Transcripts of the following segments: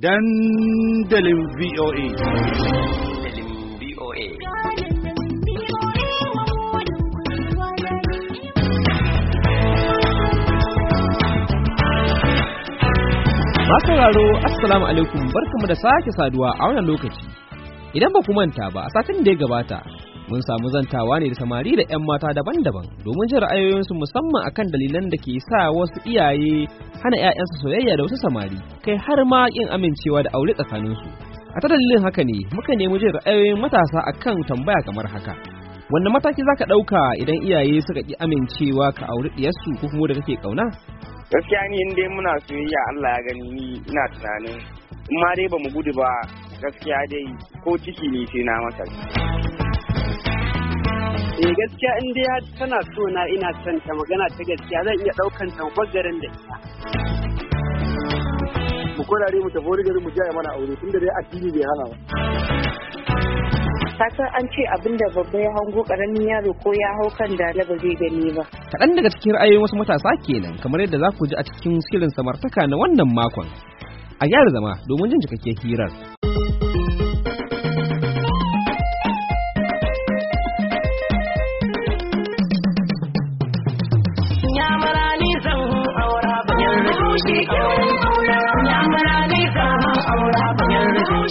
dandalin VOA. Dandalin B-O-A. Assalamu alaikum barkamu da sake saduwa a wannan lokaci. Idan ba ku manta ba a satin da ya gabata, mun samu zantawa ne da samari da 'yan mata daban-daban domin jin ra'ayoyinsu musamman akan dalilan da ke sa wasu iyaye hana 'ya'yansu soyayya da wasu samari kai har ma kin amincewa da aure tsakaninsu a ta dalilin haka ne muka nemi jin ra'ayoyin matasa akan tambaya kamar haka wanne mataki zaka ɗauka idan iyaye suka ki amincewa ka aure ɗiyarsu ko kuma da kake kauna gaskiya ni in dai muna soyayya Allah ya gani ni ina tunanin in ma dai bamu gudu ba gaskiya dai ko ciki ne sai na masa eh gaskiya in dai tana so na ina son ta magana ta gaskiya zan iya ta tambagarin da ita mu kurare mu tafi wani gari mu jaya mana aure tunda dai addini bai hana ba fatan an ce abin da babba ya hango karamin yaro ko ya hau kan dala ba zai gani ba. Kaɗan daga cikin ra'ayoyin wasu matasa kenan kamar yadda za ku ji a cikin shirin samartaka na wannan makon. A gyara zama domin jin cikakkiyar hirar.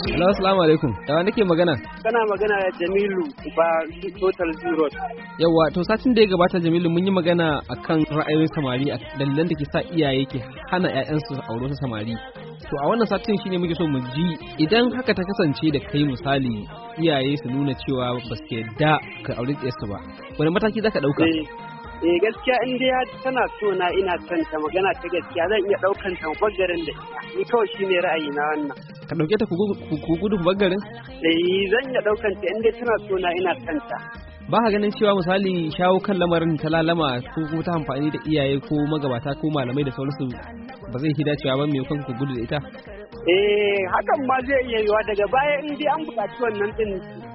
Hello, assalamu alaikum. Yawa nake magana? Kana magana da Jamilu ba Total Zero. Yawa, to satin da ya gabata Jamilu mun yi magana akan ra'ayoyin samari a dalilan da ke sa iyaye ke hana ƴaƴansu aure su samari. To a wannan satin shine muke so mu ji idan haka ta kasance da kai misali iyaye su nuna cewa ba su yarda ka aure su ba. Wani mataki zaka dauka? Eh, eh gaskiya in dai tana so na ina son ta magana ta gaskiya zan iya daukan ta bangaren da ni kawai shine ra'ayi na wannan ka dauke ta ku gudu ku garin eh zan ya daukan ta inda tana sona ina kanta ba ka ganin cewa misali shawo kan lamarin ta lalama ko ta amfani da iyaye ko magabata ko malamai da sauransu ba zai fi cewa ba mai kan ku gudu da ita eh hakan ma zai iya yiwa daga baya in dai an buƙaci wannan din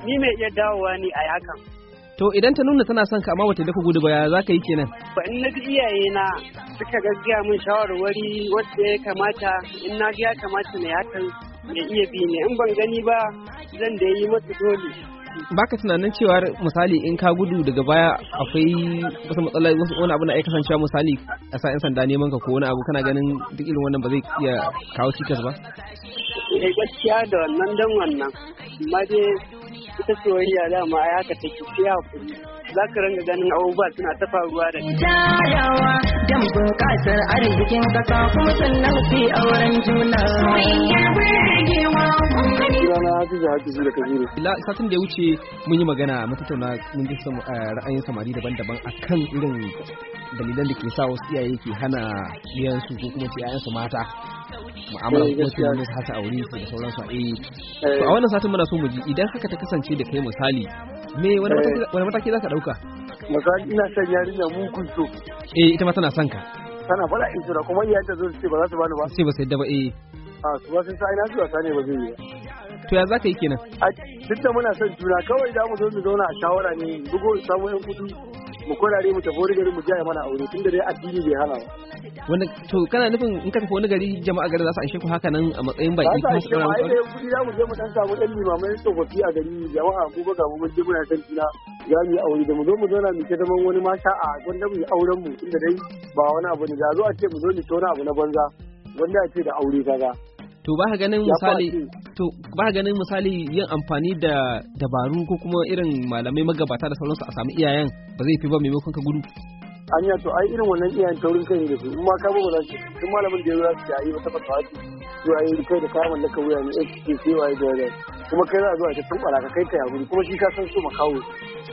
ni mai iya dawowa ne a hakan To idan ta nuna tana son ka amma da dafa gudu ba ya za ka yi kenan? Ba in na iyaye na suka gaskiya min shawarwari wacce ya kamata in na ya kamata na hakan Mai iya bi ne in ban gani ba zan da yi masa dole baka tunanin cewa misali in ka gudu daga baya akwai wasu matsala wasu wani abu na kasancewa misali a sa'in sanda neman ka ko wani abu kana ganin duk irin wannan ba zai iya kawo cikas ba eh gaskiya da wannan dan wannan amma dai ita soyayya dama ai haka take ki kuri za ka ranga ganin abubuwa suna ta faruwa da dan bunƙasar arzikin ƙasa kuma sannan su auren juna. Soyayya burgewa kuma sunana Hafizu Hafizu da Kabiru. Satin da ya wuce mun yi magana mun tattauna mun ji eh, ra'ayin samari daban-daban akan irin dalilan da ke sa wasu iyaye ke hana iyayensu ko kuma ce iyayensu mata mu'amala ko eh, su wani hata aure su da sauransu a eh. To eh. a wannan satin muna so mu ji idan haka ta kasance da kai misali me wani mataki za ka ɗauka? Misali ina son yarinya mugun so. Eh ita ma tana son ka. Tana fara in kuma iyayen ta zo su ce ba za su bani ba. Sai ba sai da ba eh. A ah, su ba sai sai na zuwa sani ba zai yi. to ya za ka yi kenan duk da muna son juna kawai da mu zo mu zauna a shawara ne bugo samu yan kudu mu kwarare mu tafi wani gari mu jaya mana aure tunda dai addini bai hana ba wanda to kana nufin in ka tafi wani gari jama'a gari za su anshe ku haka nan a matsayin baki ko su kara mutu kudi za mu je mu dan samu dan limamai tsofaffi a gari jama'a ko ba ga mun je muna san juna za mu yi aure da mu zo mu zauna mu ta zaman wani mata a gwanda mu yi auren mu tunda dai ba wani abu ne da zo a ce mu zo mu tona abu na banza wanda ya ce da aure kaga to ba ganin misali to ba ganin misali yin amfani da dabaru ko kuma irin malamai magabata da sauransu a sami iyayen ba zai fi ba maimakon ka gudu anya to ai irin wannan iyayen taurin kai da su in ma ka ba za su kuma malamin da ya za su yi wata fata ce to ai kai da kayan mallaka wuya ne eh ke sai waye da kuma kai za a zo a ta tumbara ka kai ka ya gudu kuma shi ka san so makawo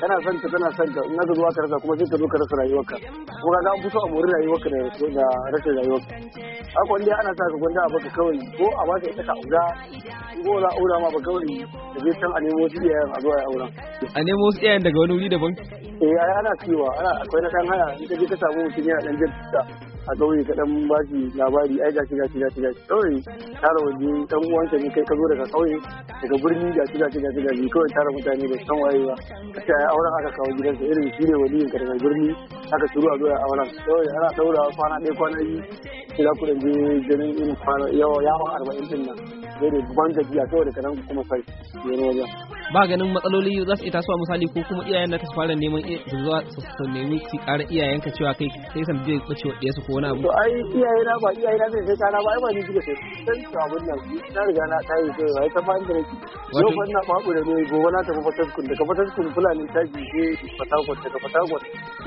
kana son ta tana son ta in aka zo aka rasa kuma sai ka zo ka rasa rayuwarka kuma ga an fito a mori rayuwarka da da rashin rayuwarka haka wanda ana sa ka gwanda a baka kawai ko a ba baka ita ka aura ko za a aura ma ba kawai da zai san a nemo wasu iyayen a zuwa ya aura a nemo wasu iyayen daga wani wuri daban eh ana cewa ana akwai na kan haya in ka ta samu mutum yana dan jin a ƙauye ka dan ba shi labari ai gashi gashi gashi gashi kawai tara waje dan uwanka ne kai ka zo daga ƙauye daga birni gashi gashi gashi gashi kawai tara mutane da san waye ba kace ai auren aka kawo gidansa irin shi ne waliyin ka daga birni aka shiru a zo zuwa auren kawai ana daura kwana ɗaya kwana biyu sai za ku dan je irin kwana yawa yawon arba'in din nan sai da banza biya saboda kanan kuma sai ne wajen ba ganin matsaloli za su iya misali ko kuma iyayen da ta fara neman su zuwa su nemi su ƙara iyayenka cewa kai sai san biya kwace wa ko wani abu to ai iyaye na ba iyaye na sai na ba ai ni riga na tayi sai ai da na da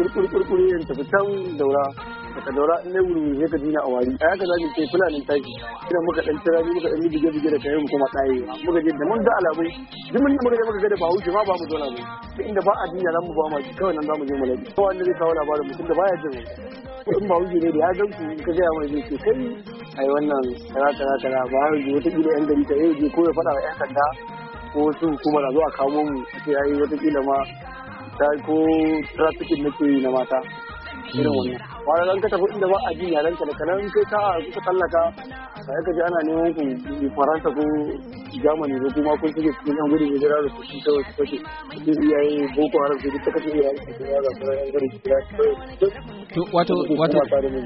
ne gobe na ta ji daga daura in ne wuri ne ka dina a wari a yaka zamu ce fulanin taki idan muka dan tira ni muka dan yi bige bige da kai mu kuma tsaye muka je da mun da alabai duk mun muka je muka ga da bahaushe ma ba mu zo ne mu inda ba a dina zamu ba ma kawai nan zamu je mu lafi kawai wanda zai kawo labarin mutum da baya jin in bahaushe ne da ya gan ku ka ga mai zai ce kai ai wannan tara ba kaza bahaushe wata gida yan gari ta yau eh, je ko ya faɗa wa yan sanda ko wasu kuma a zo a kawo mu a ai wata kila ma ta ko trafficking ke yi na mata irin wannan wani ran ka tafi inda ba a ji yaran ka kana in kai sa'a kuka tallaka sai ka ji ana neman ku faransa ko germany ko kuma kun shige cikin yan gudun hijira da kusa ta wasu kashe su iyaye boko haram su ta kashe iyaye su ta yaga su yan gudun hijira to wato wato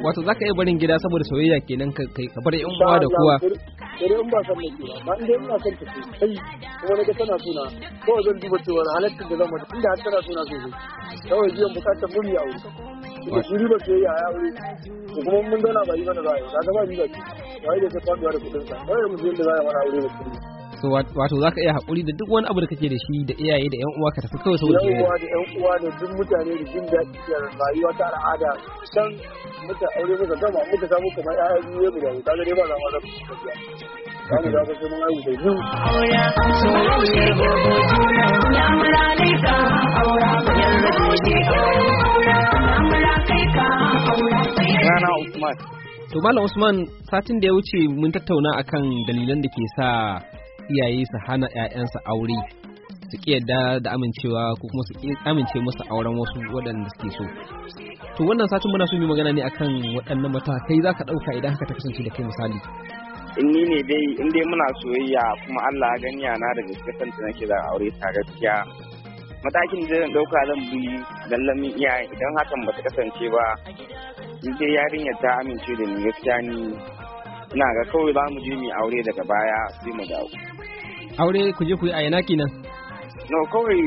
wato zaka iya barin gida saboda soyayya kenan ka ka bar yan uwa da kowa sai in ba san nake ba in dai ina son ta ce kai kuma naga tana suna kawai zan duba cewa halattun da zan mata tunda har tana suna sosai kawai biyan bukatar mun a aure. suke shi riba ce ya ya aure to kuma mun zauna ba yi mana za a yi kaga ba riba ce ba yi da ta faduwa da kuɗin sa wai mu je da za a yi aure da kuɗi so wato za ka iya haƙuri da duk wani abu da kake da shi da iyaye da yan uwa ka tafi kawai saboda iyaye da yan uwa da duk mutane da jin daɗi da rayuwa ta al'ada san muka aure muka gama muka samu kamar ƴaƴan biyu mu da ka ga dai ba za mu da za mu da sai mun haihu da biyu aura soyayya gobe juna ya mulale ka aura yanzu ko rana Usman. To Malam Usman satin da ya wuce mun tattauna akan dalilan da ke sa iyaye su hana 'ya'yansa aure su ki yadda da amincewa ko kuma su amince musu auren wasu waɗanda suke so. To wannan satin muna so mu magana ne akan waɗannan matakai za ka ɗauka idan haka ta kasance da kai misali. in ni ne dai in dai muna soyayya kuma Allah gani na da gaske san da nake da aure ta gaskiya matakin da zan dauka zan bi lallamin iyaye idan hakan ba ta kasance ba in dai yarinyar ta amince da ni gaskiya ni ina ga kawai za mu je mu aure daga baya sai mu dawo aure ku je ku yi a yana kenan no kawai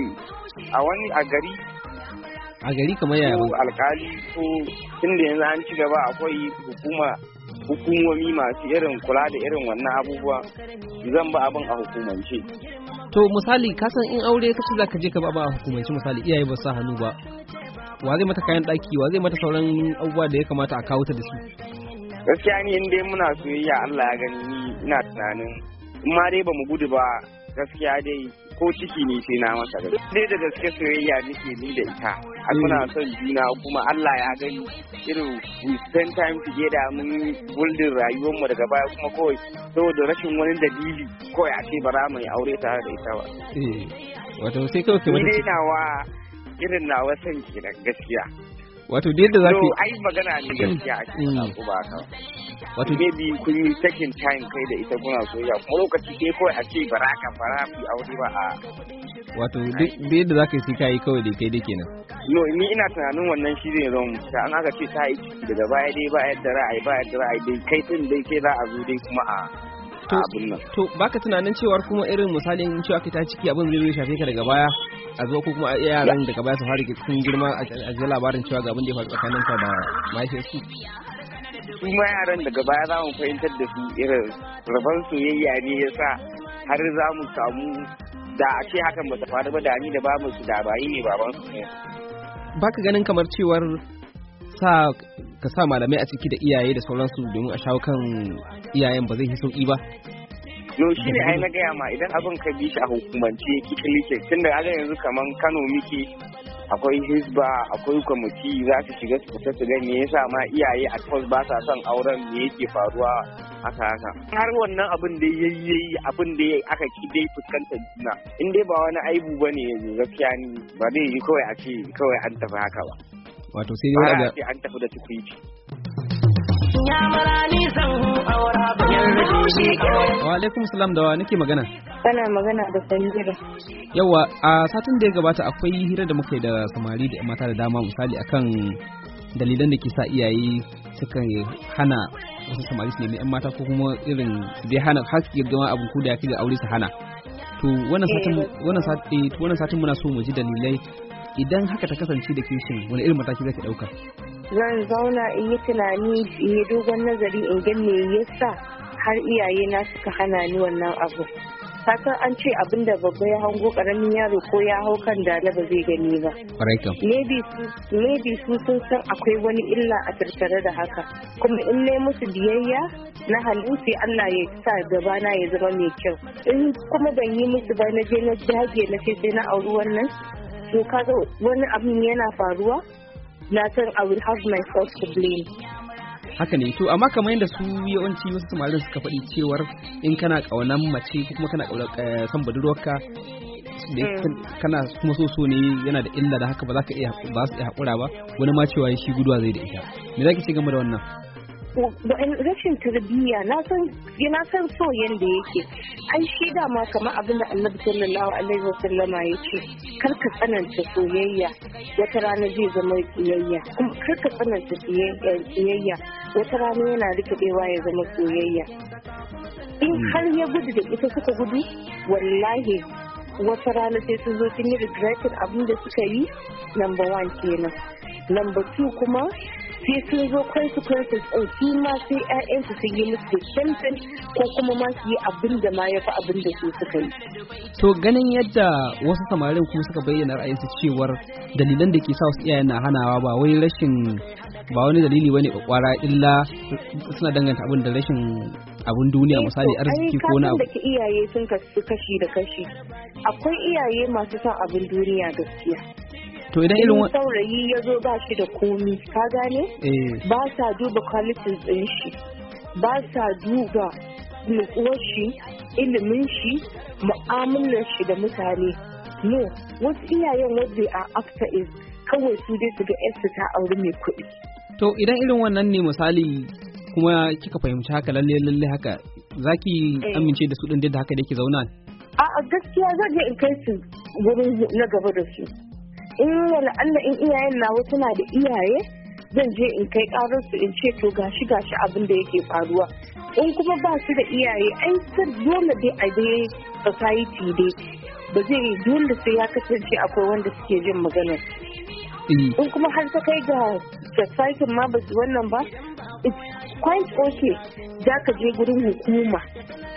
a wani a gari a gari kamar yaya ba alkali ko inda yanzu an ci gaba akwai hukuma hukumomi masu irin kula da irin wannan abubuwa zan ba abin a hukumance to misali kasan in aure ka ce za ka je ka ba a hukumance misali iyaye ba sa hannu ba wa zai mata kayan ɗaki wa zai mata sauran abubuwa da ya kamata a kawo ta da su gaskiya ni in dai muna soyayya Allah ya gani ni ina tunanin in ma dai bamu gudu ba gaskiya dai ko ciki ne sai na masa gari dai da gaske soyayya nake ni da ita har muna hmm. son juna kuma Allah ya gani irin we spend time together mun building rayuwar mu daga baya kuma kawai saboda rashin wani dalili kawai a ce ba za mu aure tare da ita ba eh, wato sai kawai ke wata nawa irin na wasan kenan gaskiya wato da yadda za ku ai magana ne gaskiya a cikin ba mm. ka wato dai bi kun yi taking time kai da ita kuna soyayya kuma lokaci sai kawai a ce baraka fara a aure ba a wato da yadda za ka yi kai kawai da kai da kenan no ni ina tunanin wannan shi ne zan ta an aka ce ta yi daga baya dai ba yadda ra'ayi ba yadda ra'ayi dai kai tun dai ke za a zo dai kuma a to baka tunanin cewar kuma irin misalin cewa ka ta ciki abin zai shafe ka daga baya a zo ko kuma yaran daga baya su fara sun girma a ji labarin cewa ga abin da ya faru tsakanin ka da mahaifiyar su su ma yaran daga baya za mu fahimtar da su irin rabon soyayya ne ya sa har za mu samu da a ce hakan ba ta faru ba da ni da ba mu su da bayi ne baban su ne ka ganin kamar cewar sa ka sa malamai a ciki da iyaye da sauransu domin a shawo kan iyayen ba zai yi sauki ba no shi ne ai na gaya ma idan abin ka bi shi a hukumance kike like tunda ga yanzu kaman Kano muke akwai hisba akwai kwamiti za su shiga su fita su gani yasa ma iyaye a kwas ba sa son auren me yake faruwa haka haka har wannan abin da ya yi abin da aka ki dai fuskantar juna in dai ba wani aibu ba ne yanzu gaskiya ni ba zai yi kawai a ce kawai an tafi haka ba wato sai dai an tafi da tukwici ya mara nisan aura Wa alaikum salam da wa nake magana? Kana magana da Sanjira. Yawa a satin da ya gabata akwai hira da muka yi da samari da mata da dama misali akan dalilan da ke sa iyaye sukan hana wasu samari su nemi yan mata ko kuma irin bai hana haske su girgama abin ko da ya da aure su hana. To wannan eh. satin eh, wannan satin muna so mu ji dalilai idan haka ta kasance da kishin wani irin mataki za ka dauka? Zan zauna in yi tunani in yi dogon nazari in ga me yasa har iyaye na suka hana ni wannan abu kasan an ce abin da babba ya hango karamin yaro ko ya hau kan dala ba zai gani ba. Maybe su sun san akwai wani illa a tattare da haka. Kuma in ne musu biyayya na halin Allah ya sa gabana ya zama mai kyau. In kuma ban yi musu ba na je na dage na sai na auri wannan. To kaga wani abin yana faruwa. Na san I will have my first blame. haka ne to amma kamar yadda su yawanci wasu samarin suka faɗi cewar in kana ƙaunan mace ko kuma kana ƙaunar eh, san budurwarka eh. kana kuma so so ne yana da illa da haka ba za ka iya ba su iya haƙura ba wani ma cewa shi guduwa zai da ita me za ki ce game da wannan rashin tarbiyya na san yana san so yanda yake ai shi ma kamar abin da annabi sallallahu alaihi wasallama ya ce kar ka tsananta soyayya wata rana zai zama kiyayya kuma kar ka tsananta kiyayya wata rana yana rikidewa ya zama soyayya in hmm. har ya gudu da ita suka gudu wallahi wata rana sai sun zo sun yi regretin abin da suka yi number one kenan number two kuma sai sun zo consequences ɗin su ma sai su sun yi musu something ko kuma ma su yi abin da ma ya fi abin da su suka yi. To ganin yadda wasu samarin kuma suka bayyana ra'ayinsu cewar dalilan da ke sa wasu iyayen na hanawa ba wai rashin ba wani dalili bane kwara illa suna danganta abin da rashin abun duniya eh, misali arziki ko na abu. iyaye sun kasu kashi da kashi. Akwai iyaye masu son abin duniya gaskiya. to idan irin saurayi ya zo ba shi da komi ka gane eh. ba sa duba kwalitin ɗin shi ba sa duba nutsuwar shi ilimin shi mu'amalar shi da mutane no wasu iyayen wadda a after is kawai su dai su ga yarsu ta auri mai kuɗi to idan irin wannan ne misali kuma kika fahimci haka lalle lalle haka za ki eh. amince da su ɗin da haka da ke zauna a gaskiya zan je in kai su wurin na gaba da su in wani Allah in iyayen wasu na da iyaye zan je in kai karar su in ce to gashi gashi abin da yake faruwa in kuma ba su da iyaye ai ta dole dai a dai society dai ba zai yi dole sai ya kasance akwai wanda suke jin magana. Eh. in kuma har ta kai ga society ma ba wannan ba it's quite okay za ka je gurin hukuma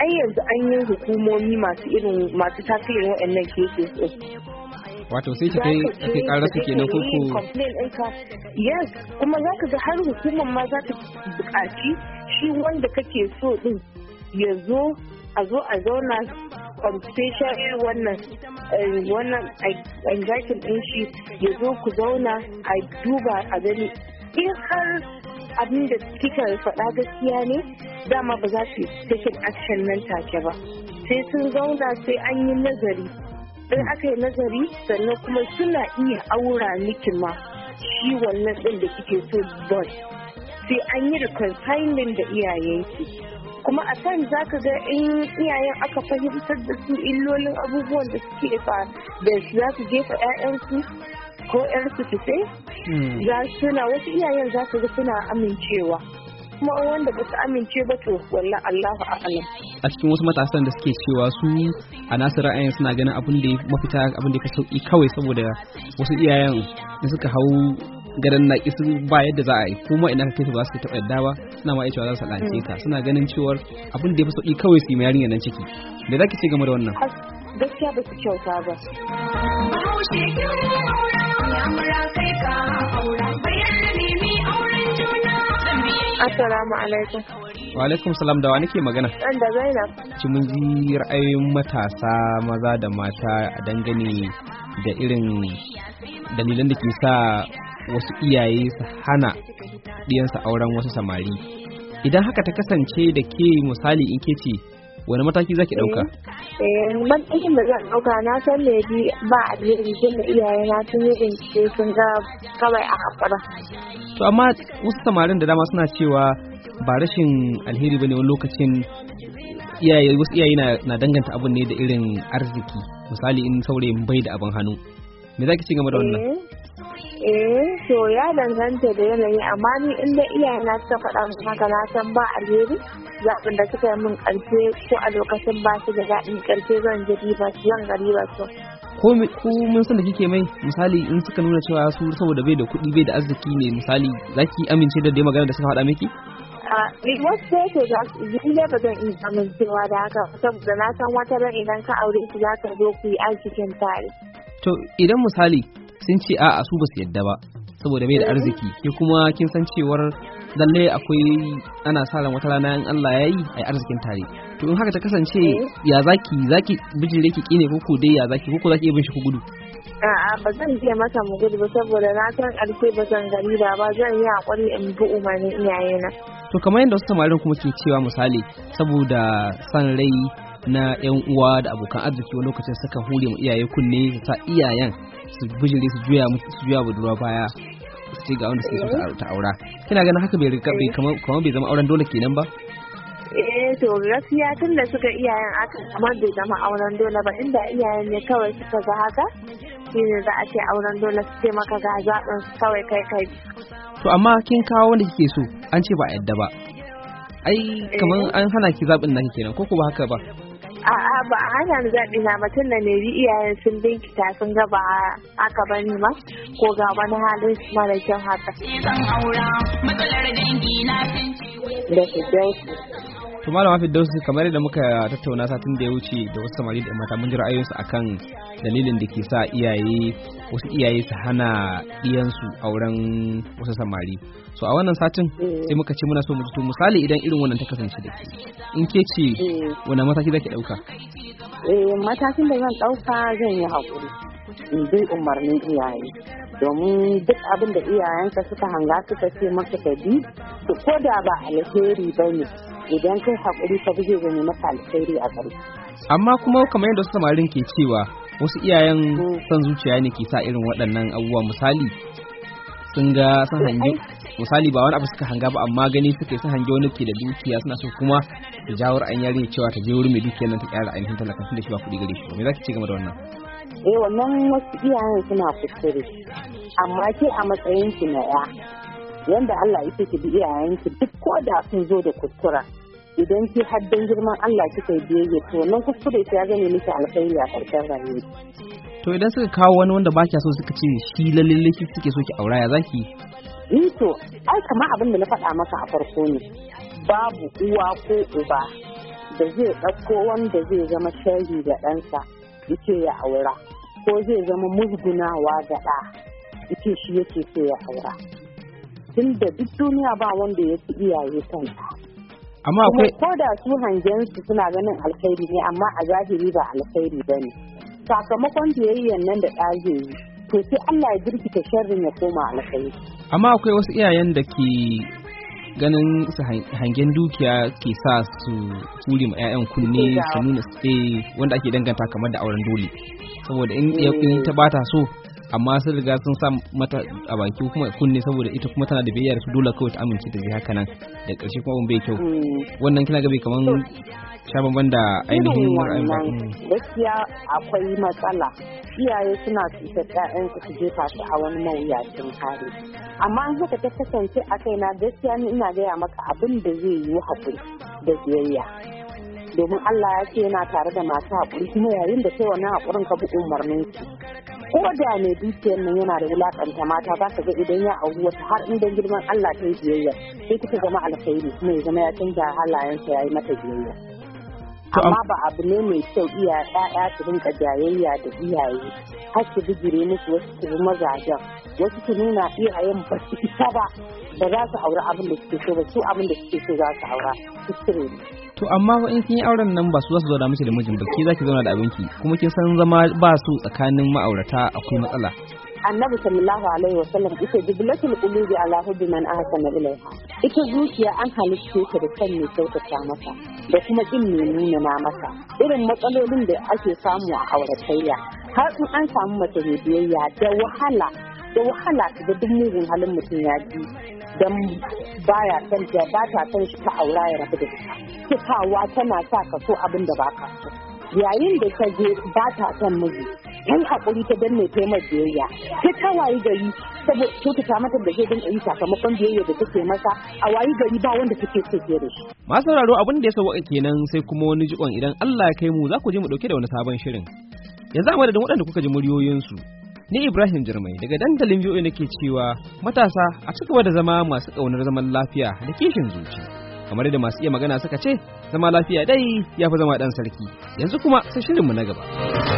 ai yanzu an yi hukumomi masu irin masu tasirin waɗannan cases wato sai ki kai kai karar su kenan ko ko yes kuma ka ga har hukumar ma za ta buƙaci shi wanda kake so din ya zo a zo a zauna conversation wannan eh, wannan anxiety din shi ya zo ku zauna a duba a gani in har abin da kika faɗa gaskiya ne dama ba za su yi action nan take ba sai sun zauna sai an yi nazari in aka yi nazari sannan kuma suna iya aura miki ma shi wannan ɗin da kike so don sai an yi reconciling da iyayenki kuma a kan za ka ga in iyayen aka fahimtar da su illolin abubuwan da suke fa da za su jefa 'ya'yansu ko 'yarsu su sai hmm. za suna wasu iyayen za ka ga suna amincewa kuma wanda ba su amince ba to wallah Allahu a'lam a cikin wasu matasan da suke cewa su a nasu ra'ayin suna ganin abin da mafita abin da ya sauki kawai saboda wasu iyayen da suka hau garin na sun ba yadda za a yi kuma ina kai ba su ka taɓa yadda ba suna ma cewa za su lalace ta suna ganin cewa abin da ya fi sauki kawai su yi yarinya nan ciki da za ki ce game da wannan gaskiya ba su kyauta ba. mura kai ka haura Assalamu alaikum. Wa alaikum salam da wani ke magana? Dan da Zainab. Ci mun ji ra'ayoyin matasa maza da mata a dangane da irin dalilan da ke sa wasu iyaye su hana ɗiyansa auren wasu samari. Idan haka ta kasance da ke misali in ke ce wani mataki zaki dauka eh, matakin da zan dauka na san me bi ba a jirgin da iyaye na sun yi bincike sun ga kawai a hakura to amma wasu samarin da dama suna cewa ba rashin alheri bane wani lokacin iyaye wasu iyaye na danganta abun ne da irin arziki misali in saurayin bai da abin hannu me zaki ci game da wannan eh, eh to ya danganta da yanayi amma ni inda da iyayena suka faɗa min haka na san ba alheri zaɓin da suka yi min ƙarfe ko a lokacin ba su da daɗin ƙarfe zan ji riba zan ga riba su. ko mun san da kike mai misali in suka nuna cewa su saboda bai da kuɗi bai da arziki ne misali za ki amince da dai magana da suka faɗa miki? wasu yake za su yi ne ba zan iya amincewa da haka saboda na san wata ran idan ka aure su za ka zo ku yi arzikin tare. to idan misali sun ce a su ba su yadda ba saboda bai da arziki ke kuma kin san cewar lalle akwai ana sa ran wata rana in Allah ya yi a arzikin tare to in haka ta kasance ya zaki zaki bijire ki kine ko ko dai ya zaki ko ko zaki bin shi ku gudu a'a ba zan je masa mu gudu ba saboda na san arfe ba zan gari ba ba zan yi hakuri in bi umarnin iyayena to kamar yadda wasu samarin kuma ke cewa misali saboda san rai na 'yan uwa da abokan arziki wani lokacin suka hure mu iyaye kunne su sa iyayen su bijire su juya musu su juya budurwa baya su ce ga wanda suke so ta aura kina ganin haka bai rika bai kamar bai zama auren dole kenan ba eh to gaskiya tun da suka iyayen aka kamar bai zama auren dole ba inda iyayen ne kawai suka ga haka shi ne za a ce auren dole su ce maka ga zaɓin kawai kai kai to amma kin kawo wanda kike so an ce ba a yadda ba ai eh. kamar an hana ki zaɓin nan kenan ko ko ba haka ba A'a ba a hana ni zaɓi na ba na da iyayen sun binkita sun ga ba aka bani ba ko ga wani halin mara kyau haka. Da su to malam hafiz dausu kamar yadda muka tattauna satin da ya wuce da wasu samari da mata mun ji ra'ayoyinsu akan dalilin da ke sa iyaye wasu iyaye su hana iyansu auren wasu samari so a wannan satin mm. sai muka ce muna so mu misali idan irin wannan ta kasance da ke in ke ce mm. wani mataki zaki ɗauka eh, matakin da zan ɗauka zan yi haƙuri in bi umarnin iyaye domin duk abin da iyayenka suka hanga suka ce maka ka bi ko da ba alheri ba ne idan kai haƙuri ka zai zame maka alkhairi a gari. Amma kuma kamar yadda samarin ke cewa wasu iyayen mm. son zuciya ne ke sa irin waɗannan abubuwa misali sun ga san hangi misali ba wani abu suka hanga ba amma gani suka san hangi wani ke da dukiya suna so kuma da an ra'ayin yarinya cewa ta je wurin mai dukiya nan ta kyara ainihin talakan tun da shi ba kuɗi gare shi ba me za ki ci game da wannan. Eh wannan wasu iyayen suna kuskure amma ke a matsayin ki na ya yanda Allah ya ce ki bi iyayen ki duk ko da sun zo da kuskura idan ki haddan girman Allah kika biyayya to nan kuskure ta ya gane miki alkhairi a karshen rayuwa to idan suka kawo wani wanda baki so suka ce shi lalle lalle suke so ki aura ya zaki ni to ai kamar abin da na faɗa maka a farko ne babu uwa ko uba da zai ɗauko wanda zai zama shari ga ɗansa yake ya aura ko zai zama musgunawa ga ɗa yake shi yake so ya aura tun da duk duniya ba wanda ya fi iyaye kanta. amma akwai ko da su hangen su suna ganin alkhairi ne amma a zahiri ba alkhairi ba ne sakamakon biyayyan nan da ɗaje to sai Allah ya girkita sharrin ya koma alkhairi amma akwai wasu iyayen da ke ganin su hangen dukiya ke sa su turi ma 'ya'yan kunne su nuna eh, wanda ake danganta kamar da auren dole saboda in eh. ta bata so amma sun riga sun sa mata a baki kuma kunne saboda ita kuma tana da biyayya su dole kawai ta amince da haka nan da ƙarshe kuma abin bai kyau mm. wannan kina gabe kaman sha da ainihin Wannan mm. gaskiya akwai matsala iyaye suna cuta ƴaƴansu su jefa su a wani mawuyacin hali amma an haka ta kasance a kai kaina gaskiya ni ina gaya maka abin da zai yi haƙuri da biyayya domin Allah ya ce yana tare da masu haƙuri kuma yayin da kai wani haƙurin ka bi umarnin su ko da ne dukiyar nan yana da wulakanta mata ba ka ga idan ya auri wata har in girman Allah ta yi biyayya sai kika zama alkhairi mai zama ya canza halayensa ya yi mata biyayya. amma ba abu ne mai kyau iya ɗaya su rinka jayayya da iyaye har su bijire musu wasu su bi mazajen wasu su nuna iyayen ba su isa ba ba za su aure abin da suke so ba su abin da suke so za su aura cire ne to amma in kin yi auren nan ba su za su zauna miki da mijin ba ke za ki zauna da abinki kuma kin san zama ba su tsakanin ma'aurata akwai matsala annabi sallallahu alaihi wasallam ita jibilatul qulubi ala hubbi man ahsana ilaiha ita zuciya an halitta ta da kan mai kyautata masa da kuma kin mai nuna masa irin matsalolin da ake samu a auratayya har in an samu mace mai biyayya da wahala da wahala ta duk mugun halin mutum ya ji don baya san ta ba ta son shi ta aura ya rabu da ita cikawa tana sa ka so abin da ba ka so yayin da ta je ba ta son miji yi haƙuri ta danne ta biyayya ta ta wayi gari saboda ta mata da ke dinga yi sakamakon biyayya da take masa a wayi gari ba wanda take so ke da shi. Ma sauraro abin da ya sauka kenan sai kuma wani jikon idan Allah ya kai mu za ku je mu ɗauke da wani sabon shirin. Yanzu a da waɗanda kuka ji muryoyinsu ni Ibrahim Jirmai daga dandalin VOA nake cewa matasa a cikin gaba da zama masu ƙaunar zaman lafiya da kishin zuci. Kamar da masu iya magana suka ce, zama lafiya dai ya fi zama ɗan sarki. Yanzu kuma sai shirinmu na gaba.